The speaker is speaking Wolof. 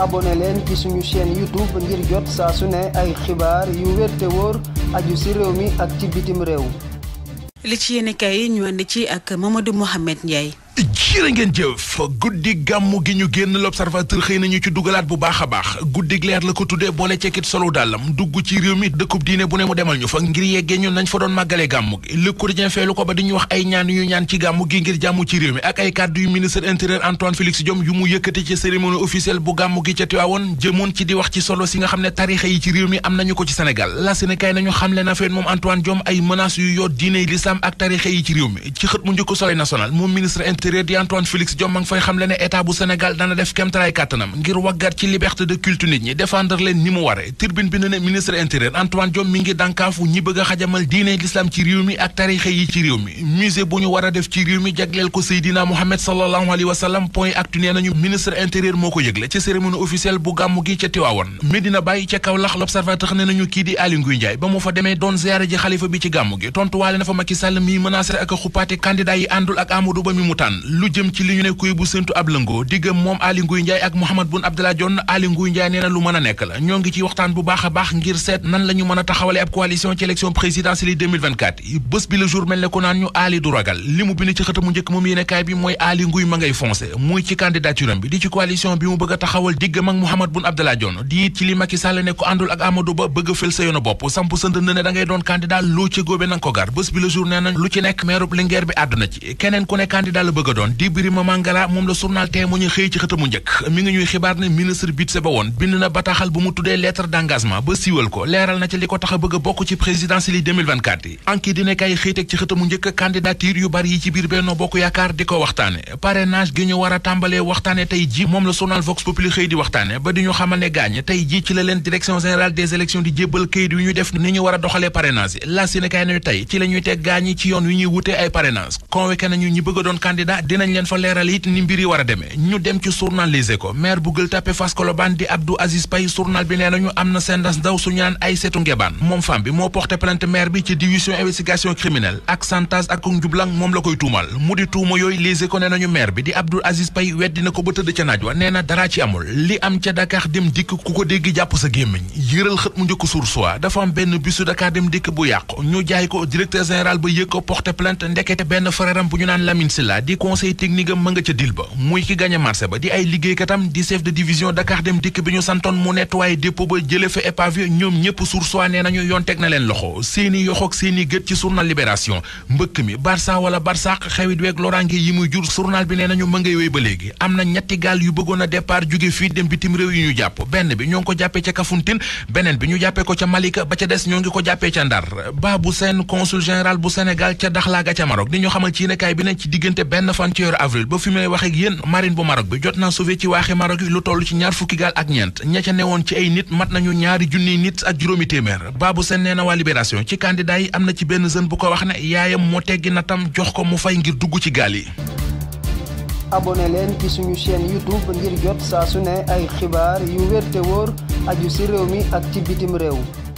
abonné leen ci suñu chaîne YouTube ngir jot saa su ne ay xibaar yu wér te aju ci réew mi ak ci bitim réew. li ci yéen kay ñu ànd ci ak Mamadou Mouhamed Ndiaye. jërë ngeen jëf guddi gàmmu gi ñu génn l'observateur xëy nañu ci dugalaat bu baax a baax guddig leer la ko tuddee boole cekkit solo dàllam dugg ci réew mi dëkkub diine bu ne mu demal ñu fa ngir yeggee ñun nañ fa doon màggalee gàmmu gi le quotidien feelu ko ba di ñu wax ay ñaan yu ñaan ci gàmmu gi ngir jàmm ci réew mi ak ay kàddu yu ministre intérieur Antoine Félix Diome yu mu yëkkati ci cérémonie officielle bu gàmmu gi ca Tivaouane jëmoon ci di wax ci mi am di Antoine Félix Diome ma fay xam le ne bu Sénégal dana def kemtalaay kàttanam ngir waggat ci liberté de culte nit ñi défendre leen ni mu ware tribune bi ne ne ministre intérieur Antoine Diome mi ngi dànkaafu ñi bëgg xajamal diine l'islam ci réew mi ak tarixe yi ci réew mi musée bu ñu war def ci réew mi jagleel ko Seydina Mohamed wa point actu nee nañu ministre intérieur moo ko yëgle ci cérémonie officielle bu gàmmu gi ca Tiwaawoon Medina Baye Anne lu jëm ci li ñu ne kuy bu séntu ab lëngoo diggam moom Aly Ngouille Ndiaye ak Mahammed Boun Abdallah Dionne Aly Ngouille Ndiaye nee na lu mën a nekk la ñoo ngi ci waxtaan bu baax a baax ngir seet nan la mën a taxawale ab coalition ci élection présidentielle 2024 bés bi le jour mel ne ko naan ñu Aly du ragal li mu bind ci xëtamu njëkk moom yéenekaay bi mooy Aly Ngouille ma ngay foncé muy ci candidature bi di ci coalition bi mu bëgg a taxawal diggam ak Mahammed bëgg ba siiwal ko leeral na ci li ko tax bëgg bokk ci présidentielle yi 2024 yi anki dina ñu war a tàmbalee waxtaane tey ji moom la journal Vox Populi xëy di waxtaane ba di ñu xamal ne gaañ tey ji ci la leen direction générale des élections di jébbal këyit yu ñu def ni ñu war a doxalee parrainage yi la nañu tey ci la teg gaañ ci yoon yu ñuy wutee ay parrainage convoqué nañu ñi bëgg a doon candidat candidat dinañ leen fa leeral it ni mbir yi war a demee ñu dem ci journal Les Échos maire bu Gueule Tapée di Abdou Aziz Paye journal bi nee nañu am na sendas ndaw suñu naan Aïssatou Nguébane moom femme bi moo porté plainte maire bi ci division investigation criminelle ak chantage ak njublang moom la koy tuumal mu di tuuma yooyu Les Échos nee nañu maire bi di Abdou Aziz Paye weddi na ko ba tëdd ca naaj wa nee na dara ci amul li am ca Dakar dem dikk ku conseil technique am ma nga ca dil ba muy ki gañe marché ba di ay liggéeykatam di chef de division Dakar dem dikk bi ñu santoon mu nettoyé dépôt ba jële fa épave ñoom ñëpp sursoi nee nañu yoon teg na leen loxo seeni yoxoog seeni gët ci journal Libération mbëkk mi Barça wala Barsaq xewit weeg loraange yi muy jur journal bi nee nañu ma ngay wéy ba léegi am na ñetti gaal yu bëggoon a départ jóge fii dem bitim réew yi ñu jàpp benn bi ñoo ngi ko jàppee ca Kafountine beneen ñu jàppee ko ca Malika ba ca des ñoo ngi ko jàppee ca Ndar Babou Sène consul général bu Sénégal ca Dakhla ga ca Maroc di ñu xamal ci bi ne ci diggante benn benn fan ci weeru avril ba fi may wax ak yéen marine bu Maroc bi jot naa sauvé ci waaxe Maroc yi lu toll ci ñaar fukki gaal ak ñeent ña ca newoon ci ay nit mat nañu ñaari junniy nit ak juróomi téeméer Babou Sène nee na waa Libération ci candidat yi am na ci benn jeune bu ko wax na yaayam moo teggi na tam jox ko mu fay ngir dugg ci gaal yi abonné leen ci suñu chaîne youtube ngir jot saa su ne ay xibaar yu wér wóor aju ci réew mi ak ci bitim réew